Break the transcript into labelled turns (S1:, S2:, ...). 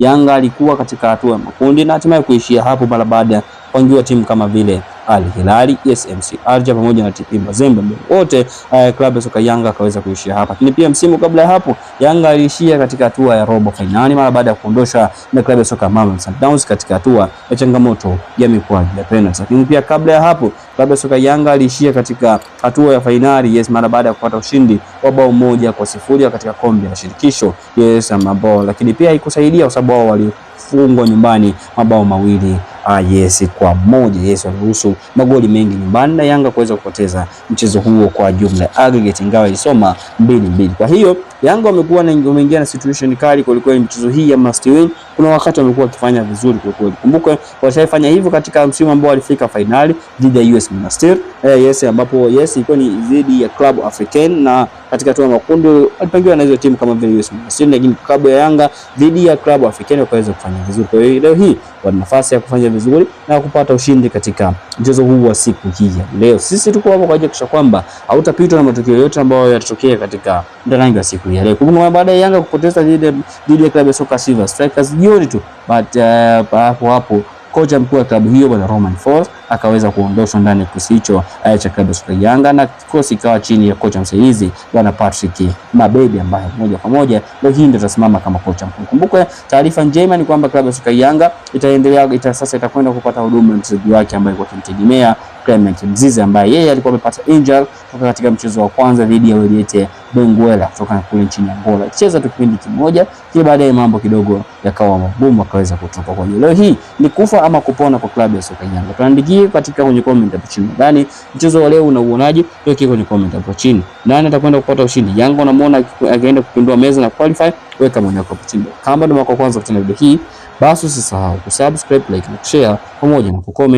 S1: Yanga alikuwa katika hatua ya makundi na hatimaye kuishia hapo mara baada ya kupangiwa timu kama vile Al Hilali, SMC Arja pamoja na TP Mazembe wote uh, eh, klabu ya soka Yanga akaweza kuishia hapa. Lakini pia msimu kabla ya hapo Yanga aliishia katika hatua ya robo finali mara baada ya kuondosha na klabu ya soka Mamelodi Sundowns katika hatua ya changamoto ya mikwaju ya penalty. Lakini pia kabla ya hapo Klabu soka Yanga aliishia katika hatua ya fainali yes, mara baada ya kupata ushindi wa bao moja kwa sifuri katika kombe la shirikisho yes, mabao lakini pia haikusaidia kwa sababu wao walifungwa nyumbani mabao mawili Ah, yes, kwa moja yes, waliruhusu magoli mengi nyumbani na Yanga kuweza kupoteza mchezo huo kwa jumla aggregate, ingawa ilisoma mbili mbili. Kwa hiyo Yanga wamekuwa wameingia na situation kali kwa kweli mchezo hii ya must win. Kuna wakati wamekuwa wakifanya vizuri kwa kweli. Kumbuka walishafanya hivyo katika msimu ambao walifika finali dhidi ya US Monastir. Eh, yes ambapo yes ilikuwa ni dhidi ya Club African na katika hatua makundi walipangiwa na hizo timu kama vile US Monastir, lakini Club ya Yanga dhidi ya Club African wakaweza kufanya vizuri. Kwa hiyo leo hii wana nafasi ya kufanya vizuri na kupata ushindi katika mchezo huu wa siku hii leo. Sisi tuko hapa kwa ajili ya kwamba hautapitwa na matukio yote ambayo yatatokea katika mdarangi wa siku ya leo. Kumbuka baada ya Yanga kupoteza dhidi ya klabu ya soka Silver Strikers jioni tu, but eh, hapo hapo kocha mkuu wa klabu hiyo bwana Roman Folz akaweza kuondoshwa ndani ya kikosi hicho eh, cha klabu ya Yanga na kikosi ikawa chini ya kocha msaidizi bwana Patrick Mabedi ambaye moja kwa moja leo hii ndio atasimama kama kocha mkuu. Kumbuka taarifa njema ni kwamba klabu ya Yanga itaendelea ita, sasa itakwenda kupata huduma ya mchezaji wake ambaye alikuwa kimtegemea Clement Mzize ambaye yeye alikuwa amepata injury katika mchezo wa kwanza dhidi ya Wydad Benguela kutoka kule nchini Angola, Cheza tu kipindi kimoja, kile baadaye mambo kidogo yakawa magumu, akaweza kutoka Kwa hiyo Leo hii ni kufa ama kupona kwa klabu ya soka Yanga. Tuandikie katika kwenye comment hapo chini, nadhani mchezo wa leo unauonaje? Weke kwenye comment hapo chini, nani atakwenda kupata ushindi? Yanga unamuona akienda kupindua meza na qualify? Weka maoni yako hapo chini. Kama ndo mako kwanza kutana video hii, basi usisahau kusubscribe, like na share pamoja na kucomment.